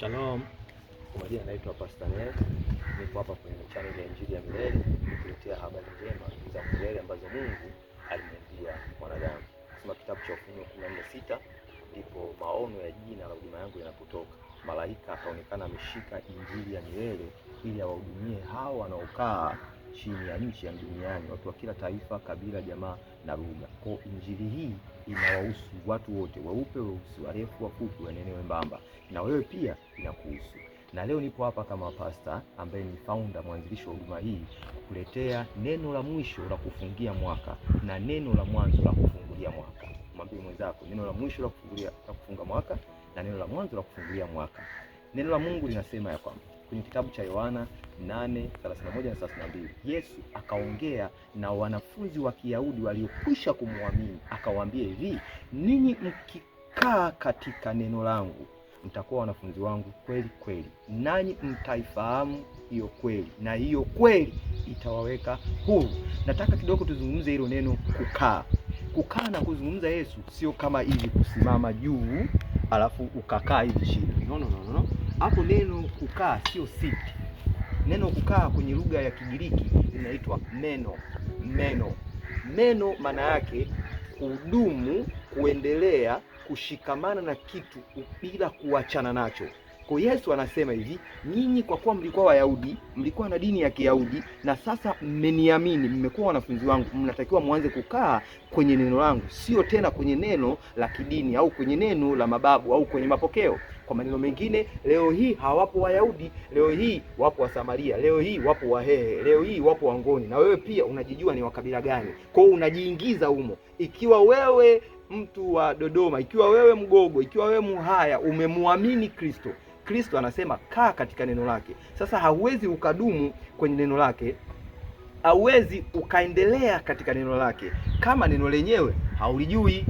Shalom, kwa majina naitwa Pastor Nel. Niko hapa kwenye channel ya Injili ya Milele nikuletea habari njema za milele ambazo Mungu alimwambia mwanadamu. Sema kitabu cha Ufunuo sita ndipo maono ya jina la huduma yangu yanapotoka. Malaika akaonekana ameshika Injili ya milele ili awahudumie hao wanaokaa chini ya nchi ya duniani, watu wa kila taifa, kabila, jamaa na lugha. Kwa injili hii inawahusu watu wote, weupe, weusi, warefu, wafupi, wanene, wembamba. Na wewe pia inakuhusu. Na leo nipo hapa kama pasta ambaye ni founder mwanzilishi wa huduma hii kukuletea neno la mwisho la kufungia mwaka na neno la mwanzo la kufungulia mwaka. Mwambie mwenzako neno la mwisho la kufungulia la kufunga mwaka na neno la mwanzo la kufungulia mwaka. Neno la Mungu linasema ya kwamba kwenye kitabu cha Yohana 8:31 na 32, Yesu akaongea na wanafunzi wa Kiyahudi waliokwisha kumwamini, akawaambia hivi, ninyi mkikaa katika neno langu mtakuwa wanafunzi wangu kweli kweli, nanyi mtaifahamu hiyo kweli, na hiyo kweli itawaweka huru. Nataka kidogo tuzungumze hilo neno kukaa. Kukaa na kuzungumza Yesu sio kama hivi kusimama juu alafu ukakaa hivi chini. No, no, no, no. Hapo neno kukaa sio siti. Neno kukaa kwenye lugha ya Kigiriki inaitwa meno. Meno, meno maana yake kudumu, kuendelea kushikamana na kitu bila kuachana nacho. Kwa Yesu anasema hivi, nyinyi kwa kuwa mlikuwa Wayahudi, mlikuwa na dini ya Kiyahudi na sasa mmeniamini, mmekuwa wanafunzi wangu, mnatakiwa mwanze kukaa kwenye neno langu, sio tena kwenye neno la kidini au kwenye neno la mababu au kwenye mapokeo. Kwa maneno mengine, leo hii hawapo Wayahudi, leo hii wapo Wasamaria, leo hii wapo Wahehe, leo hii wapo Wangoni, na wewe pia unajijua ni wakabila gani. Kwa hiyo unajiingiza humo, ikiwa wewe mtu wa Dodoma, ikiwa wewe Mgogo, ikiwa wewe Muhaya umemwamini Kristo, Kristo anasema kaa katika neno lake. Sasa hauwezi ukadumu kwenye neno lake, hauwezi ukaendelea katika neno lake kama neno lenyewe haulijui.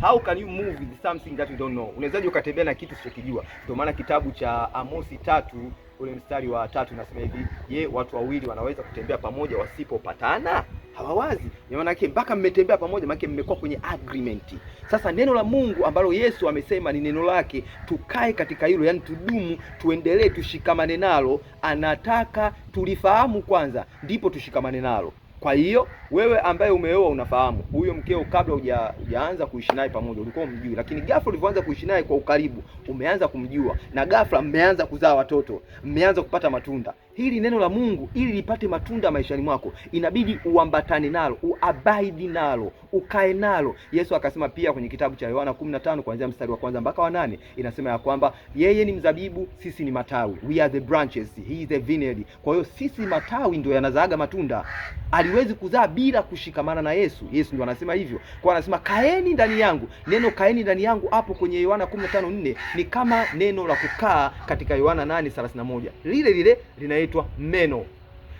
How can you move with something that you don't know? Unawezaje ukatembea na kitu usichokijua? Ndio maana kitabu cha Amosi tatu ule mstari wa tatu nasema hivi, je, watu wawili wanaweza kutembea pamoja wasipopatana? hawawazi. yake mpaka mmetembea pamoja, yake mmekuwa kwenye agreement. Sasa neno la Mungu ambalo Yesu amesema ni neno lake, tukae katika hilo, yani tudumu, tuendelee, tushikamane nalo. Anataka tulifahamu kwanza, ndipo tushikamane nalo. Kwa hiyo wewe ambaye umeoa unafahamu huyo mkeo, kabla hujaanza kuishi naye pamoja ulikuwa umjui, lakini ghafla ulivyoanza kuishi naye kwa ukaribu umeanza kumjua, na ghafla mmeanza kuzaa watoto, mmeanza kupata matunda. Hili neno la Mungu ili lipate matunda maishani mwako inabidi uambatane nalo, uabaidi nalo, ukae nalo. Yesu akasema pia kwenye kitabu cha Yohana 15 kuanzia mstari wa kwanza mpaka wa nane inasema ya kwamba yeye ni mzabibu, sisi ni matawi, we are the branches, he is the vineyard. Kwa hiyo sisi matawi ndio yanazaaga matunda, aliwezi kuzaa bila kushikamana na Yesu. Yesu ndio anasema hivyo, kwa anasema kaeni ndani yangu. Neno kaeni ndani yangu hapo kwenye Yohana 15:4 ni kama neno la kukaa katika Yohana 8:31 lile lile linaitwa meno.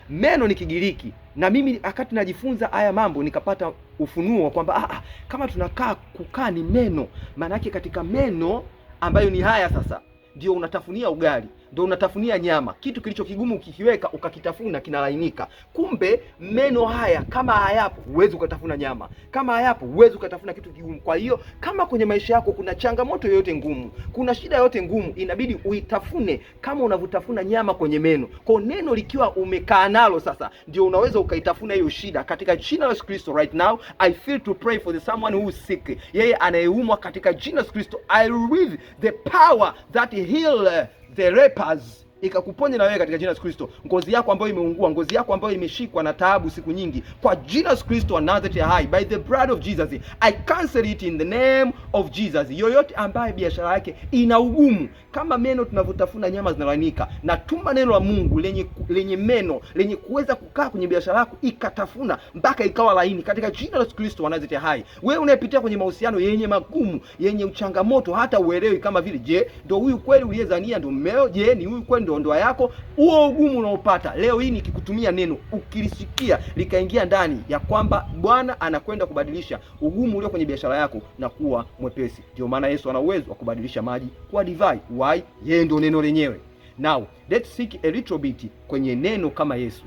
Meno ni Kigiriki, na mimi akati najifunza haya mambo nikapata ufunuo kwamba ah, ah kama tunakaa kukaa ni meno, maanake katika meno ambayo ni haya sasa ndio unatafunia ugali ndio unatafunia nyama. Kitu kilicho kigumu ukikiweka ukakitafuna kinalainika. Kumbe meno haya kama hayapo huwezi ukatafuna nyama, kama hayapo huwezi ukatafuna kitu kigumu. Kwa hiyo kama kwenye maisha yako kuna changamoto yoyote ngumu, kuna shida yoyote ngumu, inabidi uitafune kama unavyotafuna nyama kwenye meno. Kwa neno likiwa umekaa nalo sasa, ndio unaweza ukaitafuna hiyo shida katika jina la Yesu Kristo. Right now I feel to pray for the someone who is sick, yeye anayeumwa katika jina la Yesu Kristo. I read the power that heal the rapers ikakuponye na wewe katika jina la Yesu Kristo. Ngozi yako ambayo imeungua, ngozi yako ambayo imeshikwa na taabu siku nyingi, kwa jina la Yesu Kristo wa Nazareth ya hai, by the blood of Jesus I cancel it in the name of Jesus. Yoyote ambaye biashara yake ina ugumu kama meno, tunavyotafuna nyama zinalainika, na tuma neno la Mungu lenye lenye meno lenye kuweza kukaa kwenye biashara yako ikatafuna mpaka ikawa laini katika jina la Yesu Kristo wa Nazareth ya hai. Wewe unayepitia kwenye mahusiano yenye magumu, yenye uchangamoto, hata uelewi kama vile, je, ndio huyu kweli uliyezania ndio mmeo? Je, ni huyu kweli ndo ndoa yako, huo ugumu unaopata leo hii, nikikutumia neno ukilisikia likaingia ndani ya kwamba Bwana anakwenda kubadilisha ugumu ulio kwenye biashara yako na kuwa mwepesi. Ndio maana Yesu ana uwezo wa kubadilisha maji kuwa divai. Why? Yeye ndio neno lenyewe. Now let's seek a little bit kwenye neno kama Yesu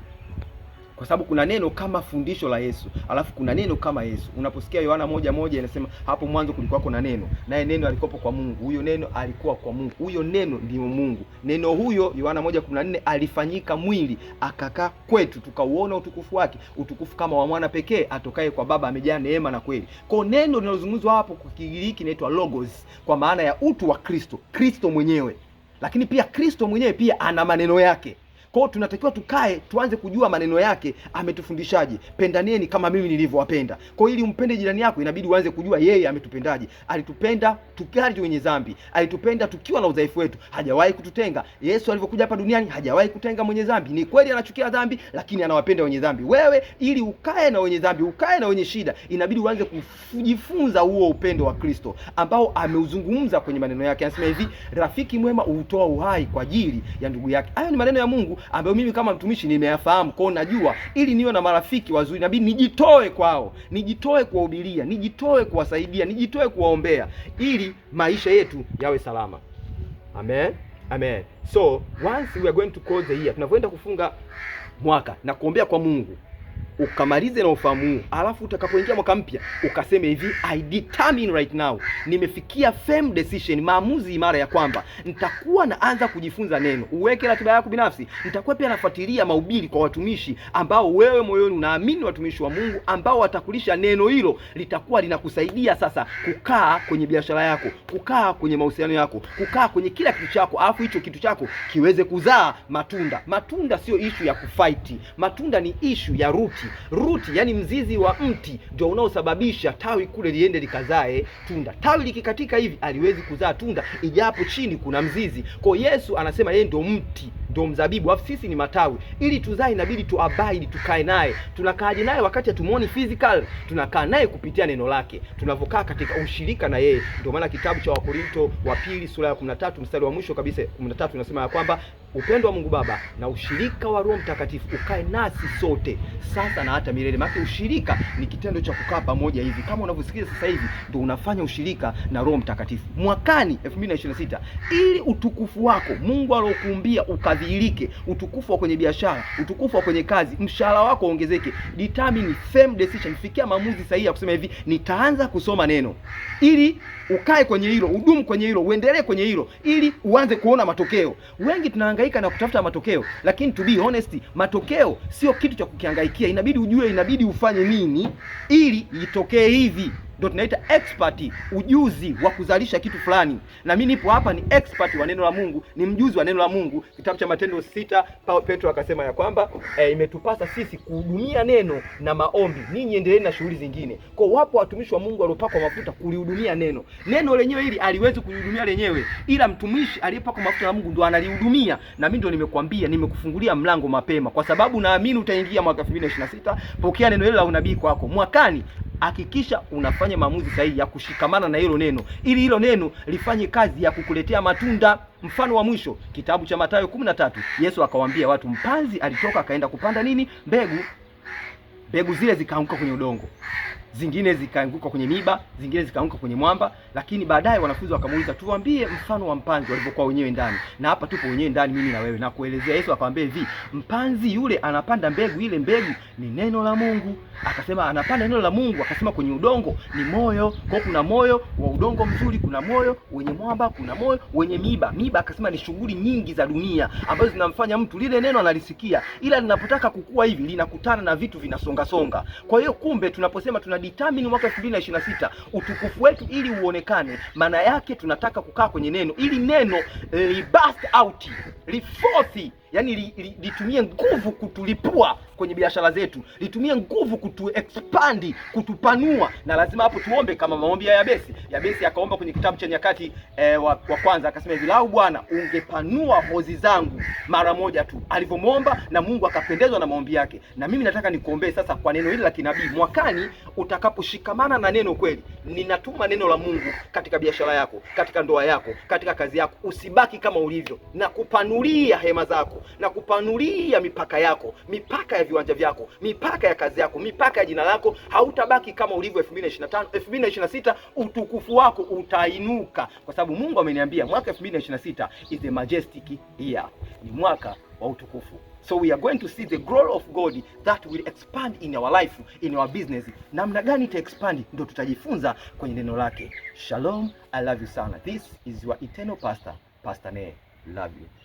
kwa sababu kuna neno kama fundisho la Yesu, alafu kuna neno kama Yesu. Unaposikia Yohana moja moja inasema hapo mwanzo kulikuwa na neno, naye neno alikuwapo kwa Mungu, huyo neno alikuwa kwa Mungu, huyo neno ndio Mungu. Neno huyo, Yohana moja kumi na nne, alifanyika mwili akakaa kwetu, tukauona utukufu wake, utukufu kama wa mwana pekee atokaye kwa Baba, amejaa neema na kweli. Kwa neno linalozungumzwa hapo kwa Kigiriki inaitwa logos, kwa maana ya utu wa Kristo, Kristo mwenyewe. Lakini pia Kristo mwenyewe pia ana maneno yake kwao tunatakiwa tukae, tuanze kujua maneno yake ametufundishaje. Pendanieni kama mimi nilivyowapenda. Kwa hiyo ili umpende jirani yako, inabidi uanze kujua yeye ametupendaje. Alitupenda tukiwa wenye dhambi, alitupenda tukiwa na udhaifu wetu, hajawahi kututenga. Yesu alivyokuja hapa duniani hajawahi kutenga mwenye dhambi. Ni kweli anachukia dhambi, lakini anawapenda wenye dhambi. Wewe ili ukae na wenye dhambi, ukae na wenye shida, inabidi uanze kujifunza huo upendo wa Kristo ambao ameuzungumza kwenye maneno yake. Anasema hivi, rafiki mwema hutoa uhai kwa ajili ya ndugu yake. Hayo ni maneno ya Mungu ambayo mimi kama mtumishi nimeyafahamu kwao, najua ili niwe na marafiki wazuri inabidi nijitoe kwao, nijitoe kuwahubiria, nijitoe kuwasaidia, nijitoe kuwaombea ili maisha yetu yawe salama. Amen. Amen. So once we are going to close the year, tunavyoenda kufunga mwaka na kuombea kwa Mungu ukamalize na ufahamu huu, alafu utakapoingia mwaka mpya ukaseme hivi, I determine right now, nimefikia firm decision, maamuzi imara ya kwamba nitakuwa naanza kujifunza neno. Uweke ratiba yako binafsi. Nitakuwa pia nafuatilia mahubiri kwa watumishi ambao wewe moyoni unaamini watumishi wa Mungu ambao watakulisha neno hilo, litakuwa linakusaidia sasa kukaa kwenye biashara yako, kukaa kwenye mahusiano yako, kukaa kwenye kila kitu chako, alafu hicho kitu chako kiweze kuzaa matunda. Matunda sio ishu ya kufaiti, matunda ni ishu ya ruti Ruti yani mzizi wa mti ndio unaosababisha tawi kule liende likazae tunda. Tawi likikatika hivi aliwezi kuzaa tunda, ijapo chini kuna mzizi. Kwa Yesu anasema yeye ndio mti ndo mzabibu, afu sisi ni matawi. Ili tuzae inabidi tu abide, tukae naye. Tunakaaje naye wakati hatumuoni physical? Tunakaa naye kupitia neno lake, tunavyokaa katika ushirika na yeye. Ndio maana kitabu cha Wakorinto wa pili sura ya 13 mstari wa mwisho kabisa 13 inasema ya kwamba upendo wa Mungu Baba na ushirika wa Roho Mtakatifu ukae nasi sote sasa na hata milele. Maana ushirika ni kitendo cha kukaa pamoja hivi, kama unavyosikia sasa hivi ndio unafanya ushirika na Roho Mtakatifu. Mwakani 2026 ili utukufu wako Mungu alokuumbia ukadhi udhihirike, utukufu wa kwenye biashara, utukufu wa kwenye kazi, mshahara wako ongezeke. Determine firm decision, fikia maamuzi sahihi ya kusema hivi, nitaanza kusoma neno ili ukae kwenye hilo, udumu kwenye hilo, uendelee kwenye hilo, ili uanze kuona matokeo. Wengi tunahangaika na kutafuta matokeo, lakini to be honest, matokeo sio kitu cha kukihangaikia. Inabidi ujue, inabidi ufanye nini ili itokee hivi ndio tunaita expert, ujuzi wa kuzalisha kitu fulani. Na mimi nipo hapa, ni expert wa neno la Mungu, ni mjuzi wa neno la Mungu. Kitabu cha Matendo sita, Paulo Petro akasema ya kwamba e, imetupasa sisi kuhudumia neno na maombi, ninyi endeleeni na shughuli zingine. Kwa wapo watumishi wa Mungu waliopakwa mafuta kulihudumia neno. Neno lenyewe hili aliwezi kulihudumia lenyewe, ila mtumishi aliyepakwa mafuta na Mungu ndio analihudumia. Na mimi ndio nimekuambia, nimekufungulia mlango mapema, kwa sababu naamini utaingia mwaka 2026. Pokea neno hilo la unabii kwako mwakani hakikisha unafanya maamuzi sahihi ya kushikamana na hilo neno ili hilo neno lifanye kazi ya kukuletea matunda. Mfano wa mwisho, kitabu cha Mathayo 13, Yesu akawaambia watu, mpanzi alitoka akaenda kupanda nini? Mbegu. Mbegu zile zikaanguka kwenye udongo zingine zikaanguka kwenye miba, zingine zikaanguka kwenye mwamba. Lakini baadaye wanafunzi wakamuuliza, tuambie mfano wa mpanzi walivyokuwa wenyewe ndani, na hapa tupo wenyewe ndani, mimi na wewe, na kuelezea. Yesu akamwambia hivi, mpanzi yule anapanda mbegu, ile mbegu ni neno la Mungu. Akasema anapanda neno la Mungu, akasema kwenye udongo ni moyo. Kwa kuna moyo wa udongo mzuri, kuna moyo wenye mwamba, kuna moyo wenye miba. Miba akasema ni shughuli nyingi za dunia ambazo zinamfanya mtu, lile neno analisikia, ila linapotaka kukua hivi linakutana na vitu vinasonga songa. Kwa hiyo kumbe tunaposema tuna determine mwaka 2026 utukufu wetu ili uonekane. Maana yake tunataka kukaa kwenye neno ili neno eh, li burst out li forth yani li, li, litumie nguvu kutulipua kwenye biashara zetu, litumie nguvu kutu expand kutupanua, na lazima hapo tuombe kama maombi ya Yabesi. Yabesi akaomba kwenye kitabu cha Nyakati eh, wa, wa kwanza akasema hivi, lau Bwana ungepanua hozi zangu mara moja tu. Alivyomwomba na Mungu akapendezwa na maombi yake. Na mimi nataka nikuombee sasa kwa neno hili la kinabii, mwakani utakaposhikamana na neno kweli, ninatuma neno la Mungu katika biashara yako, katika ndoa yako, katika kazi yako, usibaki kama ulivyo na kupanulia hema zako na kupanulia mipaka yako, mipaka ya viwanja vyako, mipaka ya kazi yako, mipaka ya jina lako. Hautabaki kama ulivyo 2025, 2026 utukufu wako utainuka, kwa sababu Mungu ameniambia mwaka 2026 is a majestic year, ni mwaka wa utukufu. So we are going to see the glory of God that will expand in our life, in our business. Namna gani ita expand ndio tutajifunza kwenye neno lake. Shalom, I love you sana. This is your eternal pastor, Pastor Ne. Love you.